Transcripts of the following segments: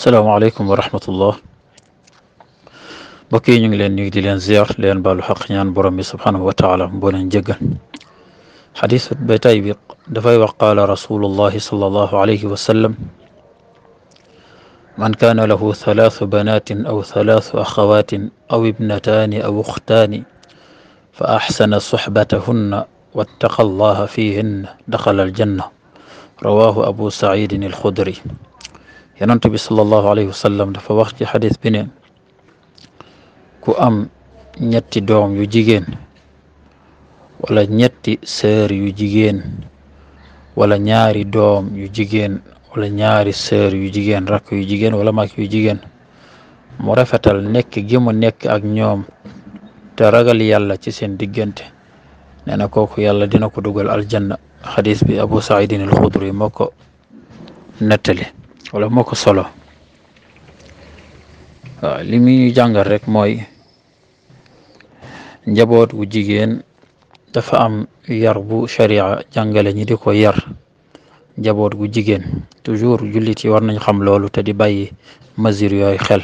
السلام عليكم ورحمة الله بكي نيغ لين نيغ دي لين زيار لين بالو حق نيان برومي سبحانه وتعالى بولين جيغا حديث بيتاي بي دفاي وقال رسول الله صلى الله عليه وسلم من كان له ثلاث بنات أو ثلاث أخوات أو ابنتان أو أختان فأحسن صحبتهن واتقى الله فيهن دخل الجنة رواه أبو سعيد الخدري yonent bi sallallahu alayhi wa sallam dafa wax ci xadis bi ku am ñetti doom yu jigéen wala ñetti sœur yu jigéen wala ñaari doom yu jigéen wala ñaari sœur yu jigéen rakk yu jigéen wala mag yu jigéen mu rafetal nekk gi nekk ak ñoom te ragal yàlla ci seen diggante nee na kooku yàlla dina ko dugal aljanna xadis bi abu saidin alxudri moo ko nettali wala moo ko solo waaw li muy ñu jàngal rek mooy njaboot wu jigéen dafa am yar bu sharia jàngale ñi di ko yar njaboot gu jigéen toujours jullit yi war nañ xam loolu te di bàyyi mesure yooyu xel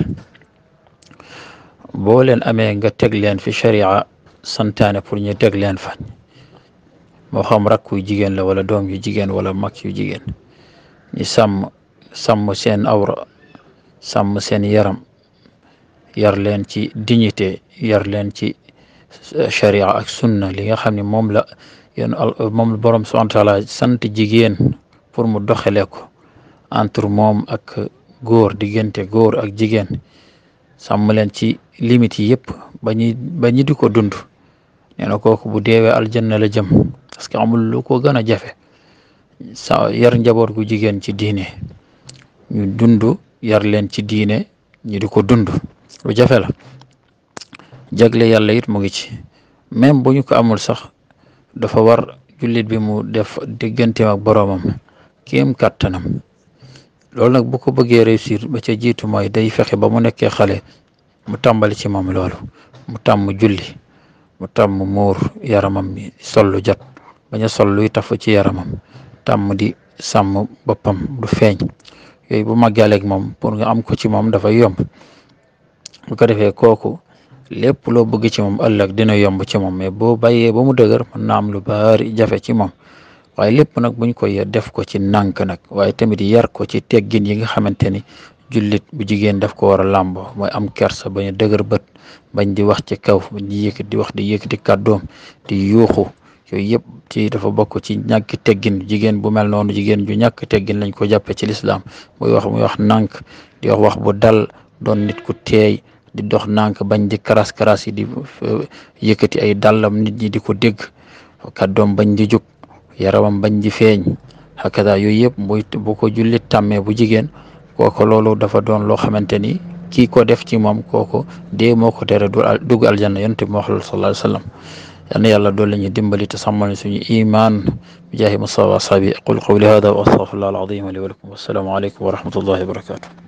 boo leen amee nga teg leen fi sharia santaane pour ñu teg leen fa moo xam rakk yu jigéen la wala doom yu jigéen wala mag yu jigéen ñi sàmm sàmm seen awra sàmm seen yaram yar leen ci dignité yar leen ci euh, sharia ak sunna li nga xam ni moom la yéen moom borom subhanahu wa taala sant jigéen pour mu doxale ko entre moom ak góor diggante góor ak jigéen sàmm leen ci limites yi yëpp ba ñi ba ñi di ko dund nee na kooku bu deewee aljanna la jëm parce que amul lu ko gën a jafe sa yar njaboot gu jigéen ci diine ñu dundu yar leen ci diine ñu di ko dundu lu jafe la jagle yàlla it mu ngi ci même bu ñu ko amul sax dafa war jullit bi mu def digganteem ak boroomam kéem kàttanam loolu nag bu ko bëggee réussir ba ca jiitu mooy day fexe ba mu nekkee xale mu tàmbali ci moom loolu mu tàmm julli mu tàmm muur yaramam bi sollu jot bañ a sol luy tafu ci yaramam tàmm di sàmm boppam du feeñ yooyu bu màggaleeg moom pour nga am ko ci moom dafa yomb bu ko defee kooku lépp loo bëgg ci moom ëllëg dina yomb ci moom mais boo bàyyee ba mu dëgër mën na lu baari jafe ci moom waaye lépp nag buñ ko yar def ko ci nànk nag waaye tamit yar ko ci teggin yi nga xamante ni jullit bu jigéen daf ko war a làmboo mooy am kersa bañ a dëgër bët bañ di wax ci kaw bañ di yëkkati di wax di yëkkati kàddoom di yuuxu yooyu yëpp ci dafa bokk ci ñàkk teggin jigéen bu mel noonu jigéen ju ñàkk teggin lañ ko jàppe ci lislaam mooy wax muy wax nànk di wax wax bu dal doon nit ku teey di dox nànk bañ di karas karas yi di eh, yëkkati ay dàllam nit ñi di ko dégg kàddoom bañ di jóg yaramam bañ ji feeñ hakada yooyu yëpp muy bu ko jullit tàmmee bu jigéen kooko lolo dafa doon loo xamante ni kii ko def ci moom kooku dee moo ko tere dugg aljanna yonent bi wax sallallahu alayhi يعني يلا دول يدم بلي تسمعني سني إيمان بجاه مصطفى صبي أقول قولي هذا وأستغفر الله العظيم لي ولكم والسلام عليكم ورحمة الله وبركاته